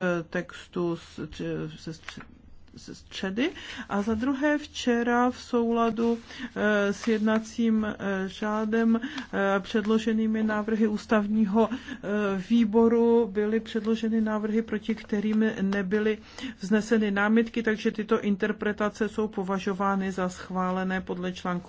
Eh, textu se, se středy a za druhé včera v souladu eh, s jednacím eh, řádem předloženými návrhy ústavního výboru byly předloženy návrhy, proti kterým nebyly vzneseny námitky, takže tyto interpretace jsou považovány za schválené podle článku